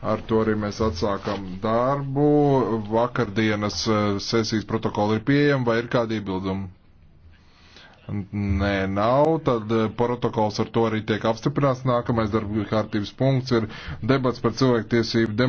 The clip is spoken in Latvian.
Ar to arī mēs atsākam darbu. Vakardienas eh, sesijas protokoli ir pieejami vai ir kādi iebildumi? Nē, nav. Tad eh, protokols ar to arī tiek apstiprināts. Nākamais darba kārtības punkts ir debats par cilvēku tiesību.